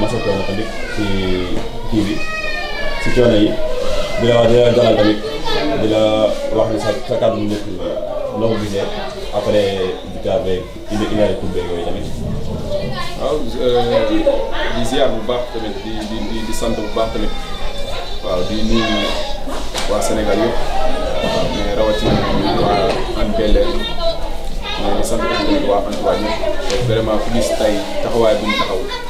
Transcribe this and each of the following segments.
masa coono tamit ci kii bi ci coono yi di la di la dalal tamit di wax ne sa sa kàddu njëkk noo ko après euh, di ziar bu baax tamit di di di sant bu baax tamit waaw di nuyu waa Sénégal yëpp mais rawatina waa Hann Bel-Air mais di sant tamit waa Hann waa ñëpp vraiment ku gis tey taxawaay bu ñu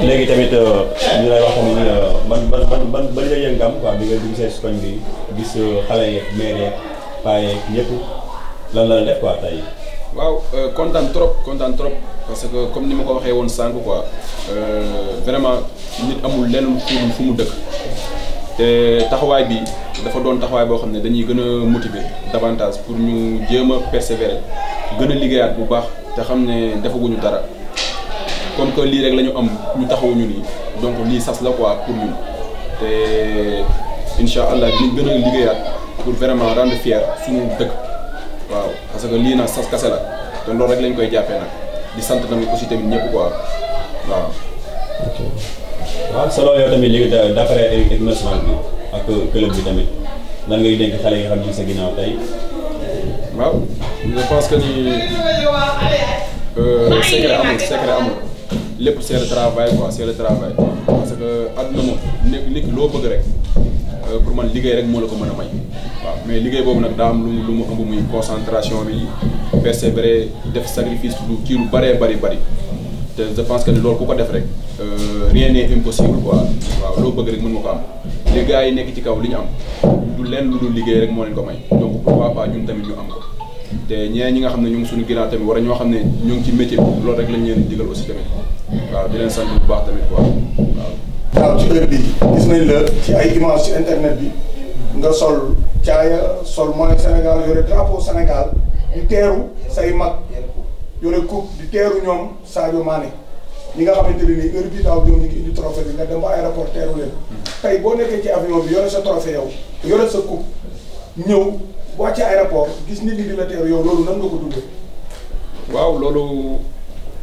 léegi tamit euh, ñu lay wax tamit man man man ban yëg-yëg nga am quoi bi nga dugg see koñ bi gis euh, xale yeeg mère yeeg paa yeeg ñëpp lan la def quoi tey. waaw euh, kontaan trop kontaan trop parce que comme ni ma ko waxee woon sànq quoi vraiment nit amul lenn fi mu dëkk te taxawaay bi dafa doon taxawaay boo xam ne dañuy gën a motiver davantage pour ñu jéem a persévérer gën a liggéeyaat bu baax te xam ne defaguñu dara. comme que li rek lañu am ñu taxaw ñu ni donc li sas la quoi pour ñu té incha allah dinañ gën a pour vraiment rendre fier suñu dëkk waaw parce que li na sas kase la té lool rek lañ koy jappé nak di sant tamit aussi tamit ñëpp quoi waaw. ok waaw selon yow tamit léegi d' après équipe nationale bi ak club bi tamit lan ngay dénk xalé yi xam sa ginaaw tay waaw je pense que ni euh, secret amour secret amour lépp c'est le travail quoi c'est le travail parce que àdduna moom nekk nit loo bëgg rek euh, pour man liggéey rek moo la ko mën a may waaw mais liggéey boobu nag daa am lu lu mu ëmb muy concentration bi persévérer def sacrifice lu kii lu bare bari bari te je pense que ni loolu ku ko def rek euh, rien n'est impossible quoi waaw loo bëgg rek mën nga ko am les gars yi nekk ci kaw li ñu am du leen lu dul liggéey rek moo leen ko may donc pourquoi pas ñun tamit ñu am ko te ñeneen ñi nga xam ne ñoom ngi suñu ginnaaw war ñoo xam ne ñu ngi ci métier loolu rek lañ leen digal aussi tamit waaw di leen sant bu baax tamit gis nañ la ci ay image ci internet bi nga sol caaya sol mooy Sénégal yore drapeau Sénégal di teeru say mag yore coupe di teru ñoom sa Mané ñi nga xamante ne nii bii daaw ñoom ñu ngi indi trophée bi nga dem ba aéroport teeru ci avion bi yore sa trophée yow yore sa coupe ñëw wàcc aéroport gis nit ñi di la teeru yow loolu ko dundee.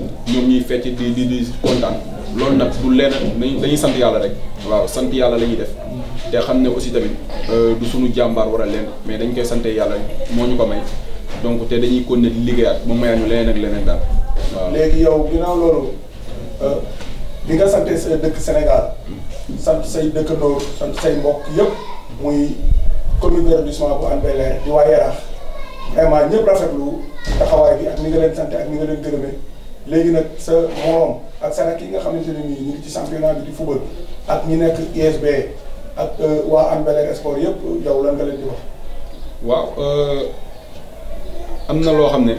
ñoom ñuy fecc di di di kontaan loolu nag du leen dañuy dañuy sant yàlla rek waaw sant yàlla la ñuy def te xam ne aussi tamit euh, du suñu jàmbaar war a leen mais dañ koy sante yàlla moo ñu ko may donc te dañuy continuer di liggéeyaat ba mayaat ñu leneen ak leneen daal waaw. léegi yow ginnaaw loolu di euh, nga sante sa dëkk Sénégal sant say dëkkandoo sant say mbok yëpp muy commune d'arrondissement bu Hann Bel-Air di waa Yaraax vraiment ñëpp rafetlu taxawaay bi ak ni nga leen sante ak ni nga leen léegi nag sa morom ak sa rakk yi nga xamante ne nii ñu ngi ci championnat di football ak ñu nekk ISB ak euh, waa am Bel-Air Sport yëpp yow lan nga leen di wax. waaw euh, am na loo xam ne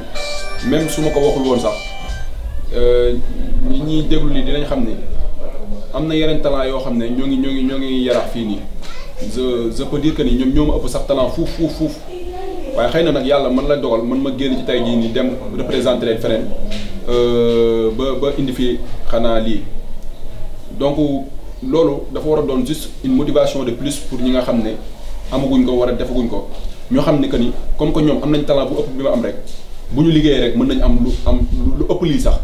même su ma ko waxul woon sax euh, ñi ñuy déglu li dinañ xam ne am na yeneen talent yoo xam ne ñoo ngi ñoo ngi ñoo ngi yaraax fii nii je je peux dire ni ñoom ñoo ma ëpp sax talent fuuf fuuf fuuf. waaye xëy na nag yàlla man la dogal man ma génn ci tey jii nii dem représenté leen feneen euh, ba ba indi fii xanaa lii donc loolu dafa war a doon juste une motivation de plus pour ñi nga xam ne amaguñ ko war a defaguñ ko ñu xam ne que ni comme que ñoom am nañ talent bu ëpp bi ma am rek bu ñu liggéeyee rek mën nañ am lu am lu ëpp lii sax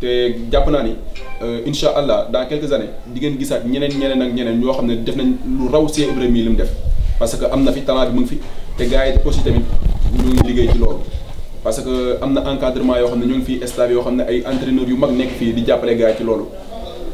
te jàpp naa ni euh, incha allah dans quelques années di ngeen gisaat ñeneen ñeneen ak ñeneen ñoo xam ne def nañ lu raw see Ibrahima yi li mu def parce que am na fi talent bi mu ngi fi. te gars yi aussi tamit ñu ngi liggéey ci loolu parce que am na encadrement yoo xam ne ñu ngi fii staff yoo xam ne ay entraîneurs yu mag nekk fii di jàppale gars ci loolu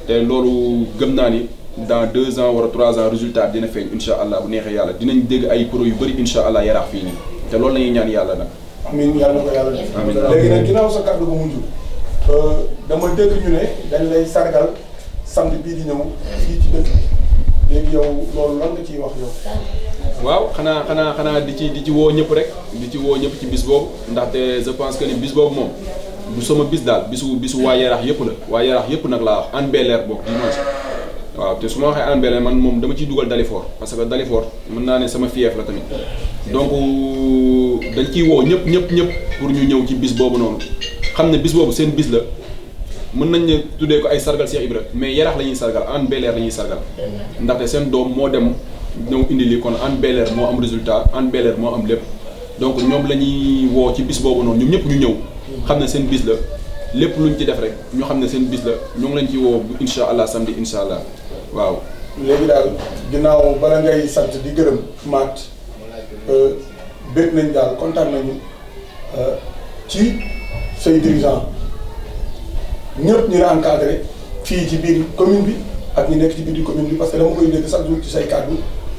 te loolu gëm naa ni dans deux ans war trois ans résultat dina feeñ incha allah bu neexee yàlla dinañ dégg ay pro yu bëri incha allah yaraax fii nii te loolu la ñaan yàlla nag. amiin yàlla na ko yàlla def. amiin léegi nag ginnaaw sa kàddu euh, ñu ne dañ lay sargal samedi bii di ñëw fii ci dëkk loolu lan nga ciy wax yow. waaw xanaa xanaa xanaa di ci di ci woo ñëpp rek di ci woo ñëpp ci bis boobu ndaxte je pense que ni bis boobu moom du sama bis daal bisu bisu waa Yaraax yëpp la waaye Yaraax yëpp nag laa wax an belleer boobu dimanche waaw te su ma waxee an belleer man moom dama ciy dugal Dalifort parce que Dalifort mën naa ne sama fief la tamit donc dañ ciy woo ñëpp ñëpp ñëpp pour ñu ñëw ci bis boobu noonu xam ne bis boobu seen bis la mën nañ ne tuddee ko ay sargal Cheikh mais Yaraax la ñuy sargal an belleer la seen doom moo dem ñëw indi li kon Hann Bel-Air moo am résultat Hann Bel-Air moo am lépp donc ñoom la ñuy woo ci bis boobu noonu ñoom ñëpp ñu ñëw xam ne seen bis la lépp luñ ci def rek ñu xam ne seen bis la ñoo ngi leen ci woo incha allah samedi incha allah waaw. léegi daal ginnaaw bala ngay sant di gërëm maat euh, bëgg nañ daal kontaan nañu euh, ci say dirigeant ñëpp ñu la encadré fii ci biir commune bi ak ñu nekk ci biir commune bi parce que dama koy dégg chaque jour ci say kàddu.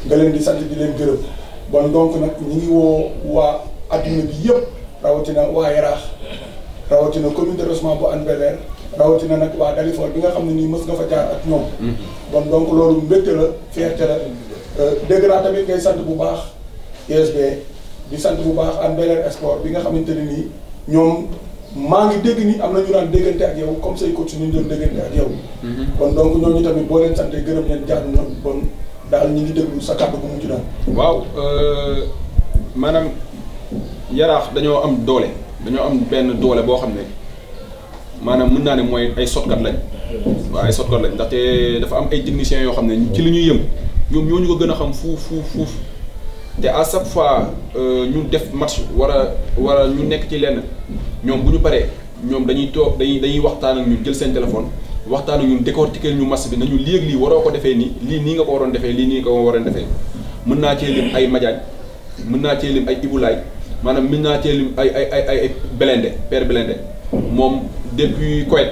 nga leen di sant di leen gërëm bon donc nag ñi ngi woo waa adduna bi yëpp rawatina waa Yaraax rawatina commune de Rossement bu Hann Bel-Air rawatina nag waa Dalifort bi nga xam ne nii mës nga fa jaar ñoom. Mm-hmm. bon donc loolu mbégte la fierté la euh, dégg naa tamit ngay sant bu baax ISB di bu baax Hann Bel-Air bi nga xamante ne nii ñoom. maa ngi dégg ni am na ñu daan déggante ak yow comme say coach ñu doon déggante ak yow. kon mm-hmm. donc ñooñu tamit boo leen sant gërëm leen jaar na bon. daal ñu ngi déglu sa kàddu bu mu ci doon. waaw euh, maanaam yaraax dañoo am doole dañoo am benn doole boo xam ne maanaam mun naa ne mooy ay sotkat lañ. waaw ay sotkat lañ ndaxte dafa am ay techniciens yoo xam ne ci li ñuy yëm ñoom ñoo ñu ko gën a xam fuuf fuuf fuuf te à chaque fois euh, ñu def match war a war ñu nekk ci lenn ñoom bu ñu paree ñoom dañuy toog dañuy dañuy waxtaan ak ñun jël seen téléphone. waxtaan ak ñun décortiquer ñu match bi nañu lii ak lii waroo ko defee nii lii nii nga ko waroon defee lii nii nga ko waroon defee mën naa cee lim ay Madiagne mën naa cee lim ay Ibulaay maanaam mën naa cee lim ay ay ay ay Belende père Belende moom depuis Koweït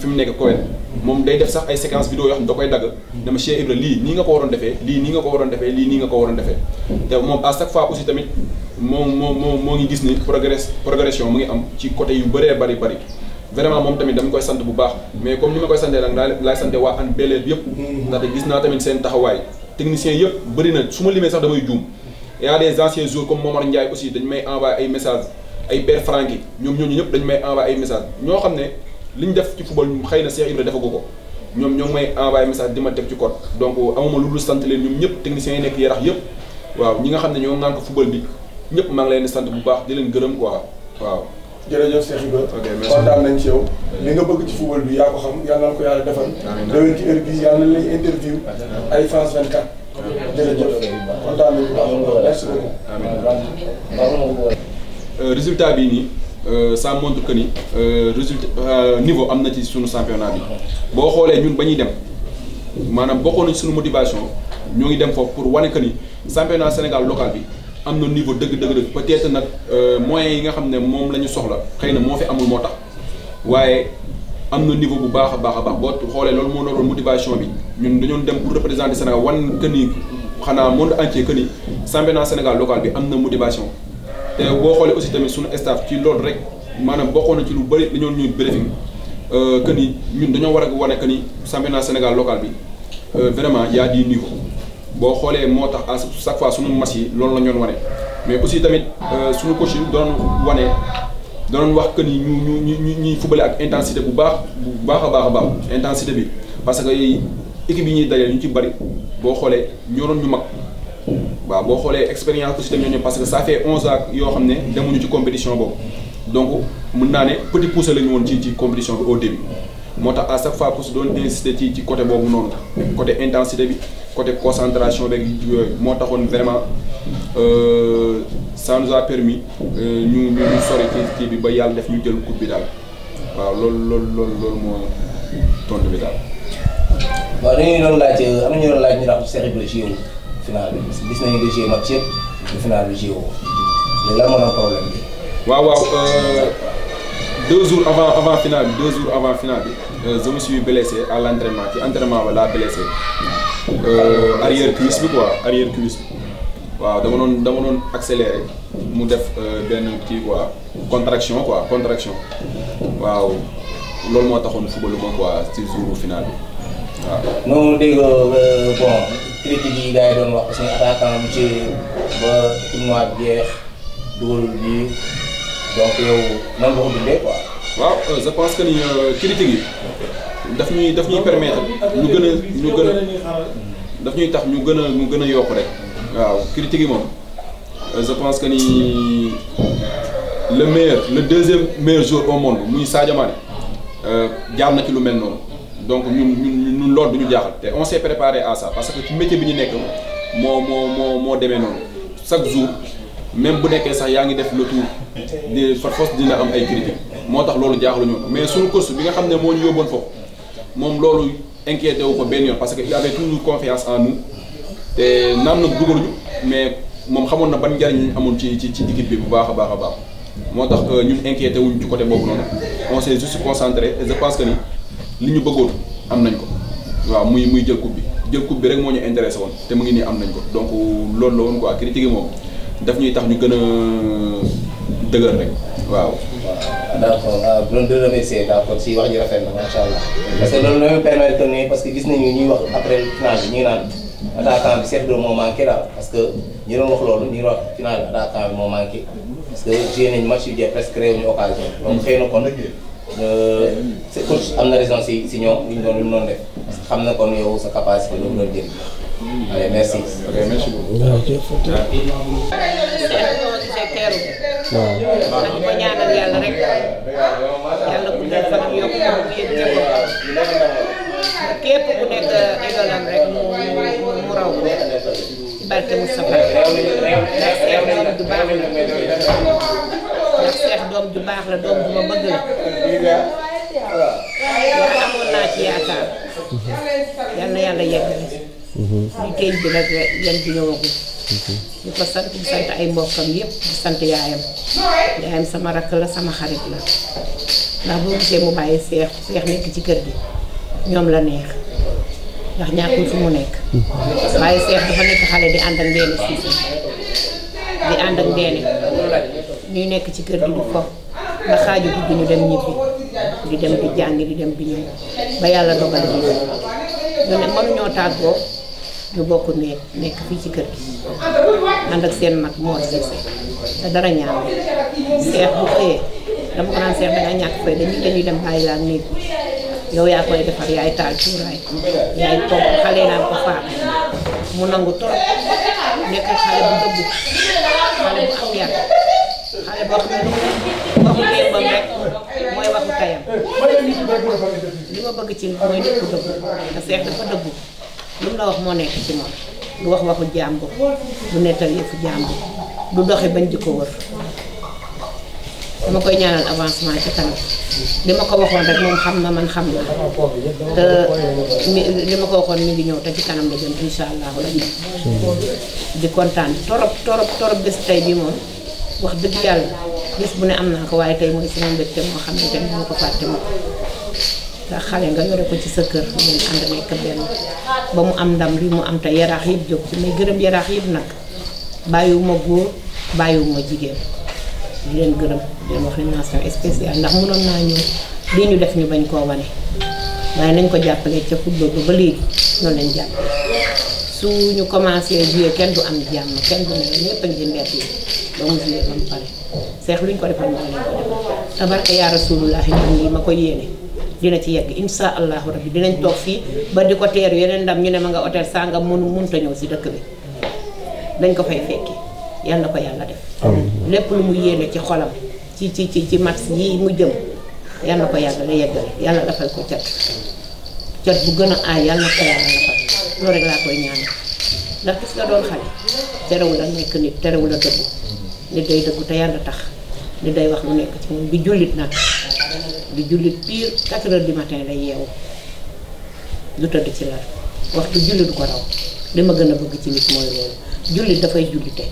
fi mu nekk Koweït moom day def sax ay séquence vidéo yoo xam da koy dagg dama Cheikh Ibra lii nii waroon defee lii nii nga ko waroon defee lii nii nga ko waroon defee te moom à chaque fois aussi tamit moo moo moo moo ngi gis ni progrès progression mu ngi am ci côté yu bëree bari bari vraiment moom tamit dama koy sant bu baax mais comme ni ma koy santee nag laa laay sante waa Hann bel yëpp ndaxte gis naa tamit seen taxawaay technicien yëpp bëri na su ma limee sax damay juum y a des anciens joueurs comme Momar Ndiaye aussi dañ may envoyé ay message ay Père Francky ñoom ñooñu ñëpp dañu may envoyé ay message ñoo xam ne li ñu def ci football xëy na Cheikh Ibra defagu ko ñoom ñoo may envoyé message di ma teg ci code donc amuma lu dul sant leen ñoom ñëpp techniciens yi nekk Yarax yëpp waaw ñi nga xam ne ñoo ŋànk football bi ñëpp maa ngi leen di sant bu baax di leen gërëm quoi waaw jërëjëf Cheikh Ibrahima kontaan nañ ci yow li nga bëgg ci football bi yaa ko xam yal na ko yàlla defal déwén ci heure bi yal na lay interview ay France 24 jërëjëf kontaan nañ ko merci beaucoup euh, résultat bii nii euh, ça montre que ni euh, résultat niveau am na ci sunu championnat bi boo xoolee ñun ba ñuy dem maanaam bokkoon nañ sunu motivation ñoo ngi dem foofu pour wane que ni championnat Sénégal local bi am na niveau dëgg-dëgg peut-être nag euh, moyens yi nga xam ne moom la ñu soxla xëy na moo fi amul moo tax waaye am na niveau bu baax a baax a baax boo xoolee loolu moo doon motivation bi ñun dañoon dem pour représenter Sénégal wan que ni xanaa monde entier que ni championnat Sénégal local bi am na motivation. te boo xoolee aussi tamit suñu staff ci loolu rek maanaam bokkoon na ci lu bëri dañoo ñuy briefing euh, que ni ñun dañoo war a wane que ni championnat Sénégal local bi euh, vraiment y a du boo xoolee moo tax à chaque fois sunu match yi loolu la ñu doon mais aussi tamit euh, sunu coach yi doon wane doon wax que ni ñu ñu ñi ñuy fubale ak intensité bu baax bu baaxa baaxa baax intensité bi parce que équipe yi ñi dajale ñu ci bari bo xolé ñoo doon ñu mag ba bo xolé expérience aussi tamit ñoo parce que ça fait 11 ans yo xamné demu ñu ci compétition boobu donc mën naa ne petit poussé la ñu woon ci ci compétition au début motax tax à chaque fois que su doon insister ci ci côté boobu noonu côté intensité bi côté concentration avec les vraiment euh, ça nous a permis nous euh, ñu de ba def ñu jël coupe bi problème euh, deux jours avant avant finale deux jours avant finale je me suis blessé à l'entraînement. Euh, arrière cuisse quoi arrière cuisse bi waaw dama doon dama doon accélérer, mu def ben kii quoi contraction quoi contraction waaw mo moo football mo quoi ci jour final non waaw. noonu dégg euh, bon critiques yi gars yi doon wax suñu attaquant bi ci ba tournoi bi jeex dugalul bi donc yow nan ko dundee quoi. waaw je pense que ni critiques yi daf ñuy daf ñuy permettre ñu gën a ñu gën a daf ñuy tax ñu gën a ñu gën a yokk rek waaw critique yi moom euh, je pense que ni le meilleur le deuxième meilleur joueur au monde muy Sadio Mané euh, jaar na ci lu mel noonu donc ñun ñun ñun loolu du ñu jaaxal te on s'est préparé à ça parce que ci métier bi ñu nekk moo moo moo moo demee noonu chaque jour même bu nekkee sax yaa ngi def le tour di par force dina am ay critiques moo tax loolu ñu mais suñu course bi nga xam ne moo ñu yóbboon foofu je suis inquiété parce qu'il avait toujours confiance en nous mais je sais na ban si nous ci ci équipe bi bu inquiétés euh, du inquiété côté de on s'est juste concentré et je pense que ce bëggoon nous ko coupe bi jël bi rek ñu intéressé donc nous la dëgër rek waaw. d' accord ah, bu doon di si d' accord wax ji rafet na macha allah. parce que loolu dañoo permettre ne parce que gis nañu ñuy wax après final bi ñu ngi naan attaquant bi chef de moo manqué daal parce que ñu doon wax loolu ñu ngi wax final bi bi moo manqué. parce que joué nañu match yu jeex presque réew ñu occasion. donc xëy na kon sa euh, coach am na raison si si ñoom na kon yow sa capacité loolu doon jëriñ. allez merci. ok waaw dañu ko ñaanal yàlla rek yàlla bu nekk fan yokk ko mu yëg képp ku nekk égolam euh, rek mu mu raw ko ci barke Moustapha ndax seex doom ju baax la ndax seex doom ju baax la doom ju ma bëgg la loolu amoon naa ci yaakaar yàlla yàlla yegg li liggéey mhm. bi nag yan bi ñëwagul Di pasar itu bisa kita ayam bawa kami, bisa ayam. ayam sama rakela sama harit lah. Nah, bu, saya mau bayar saya, saya ini kecikir di. Nyom lah nih. Nah, nyakun semua nih. Bayar saya, saya ini kehalai di andang dia nih. Di andang dia nih. Ini nih kecikir di lupa. Baka juga gini dan nyipi. Di dalam pijangi, Bayar lah dobal di. mau nyota gue, ñu bokk néeg nekk fii ci kër gi ànd ak seen mag moo siise te dara ñaan seex bu xëyee dama ko naan seex danga ñàkk fay dañuy dañuy dem bàyyi laa néeg yow yaa koy defar yaay taal cuuraay yaay togg xale naan ko faat mu nangu torop nekk xale bu dëgg xale bu am yar xale boo xam ne waxu démbam rek mooy waxu tayam li ma bëgg ci mooy nit ku dëgg te seex dafa dëgg lu mu la wax moo nekk ci moom du wax waxu jàmbur du nettal yëfu jàmbur du doxi bañ di ko wër dama koy ñaanal avancement ci kanam li ma ko waxoon rek moom xam na man xam na te li ma ko waxoon mi ngi ñëw te ci kanam la jëm incha allah rabi di kontaan torop torop torop bés tey bii moom wax dëgg yàlla bés bu ne am naa ko waaye tey mooy sama mbégte moo xam ne te moo ko fàtte ma ndax xale nga yore ko ci sa kër ngeen ànd nekk benn ba mu am ndam lii mu am te yaraax yëpp jóg ci may gërëm yaraax yëpp nag bàyyiwuma góor bàyyiwuma jigéen di leen gërëm di leen wax ndax mënoon naa ñëw lii ñu def ñu bañ koo wane waaye nañ ko jàppale ca football ba ba léegi noonu leen jàppale su ñu commencé jouer kenn du am jàmm kenn du ne ñëpp a yi ba mu jouer ba mu pare seex luñ ko defal moo leen ko defal tabarka yaa rasulullah ñoom lii ma ko yéene dina ci yegg insha allahu rabbi dinañ toog fii ba di ko teeru yeneen ndam ñu ne ma nga hôtel sàngam mënu mënta ñëw si dëkk bi dañ ko fay fekki yal na ko yàlla def lépp lu mu yéene ci xolam ci ci ci ci max yi mu jëm yàlla na ko yàlla la yeggale yàlla dafal ko cat cat bu gën a aay yal na ko yàlla dafal loolu rek laa koy ñaanal ndax gis nga doon xale terewul a nekk nit terewul a dëggu nit day dëggu te yàlla tax nit day wax lu nekk ci moom bi jullit nag di jullit pire 4 heures du matin lay yeewu du tëdd ci lal waxtu julli du ko raw li ma gën a bëgg ci nit mooy loolu jullit dafay jullite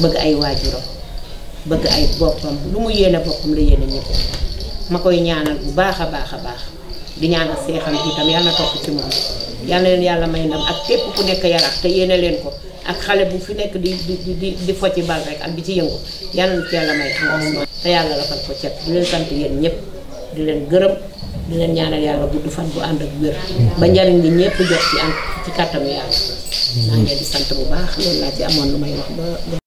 bëgg ay waajuram bëgg ay boppam lu mu yéene boppam la yéene ñëpp ma koy ñaanal bu baax a baax a baax di ñaanal seexam bi tam yàlla na topp ci moom yàlla leen yàlla may ndam ak képp ku nekk yarax te yéene leen ko ak xale bu fi nekk di di di di focc bal rek ak bi ci yëngu yàlla na ci yàlla may am te yàlla la fal ko cet di leen sant ñëpp di leen gërëm di leen ñaanal yàlla gudd fan bu ànd ak wér. ba njariñ bi ñëpp jot ci ànd ci kàttanu yàlla. maa ngi di sant bu baax loolu laa ci amoon lu may wax ba.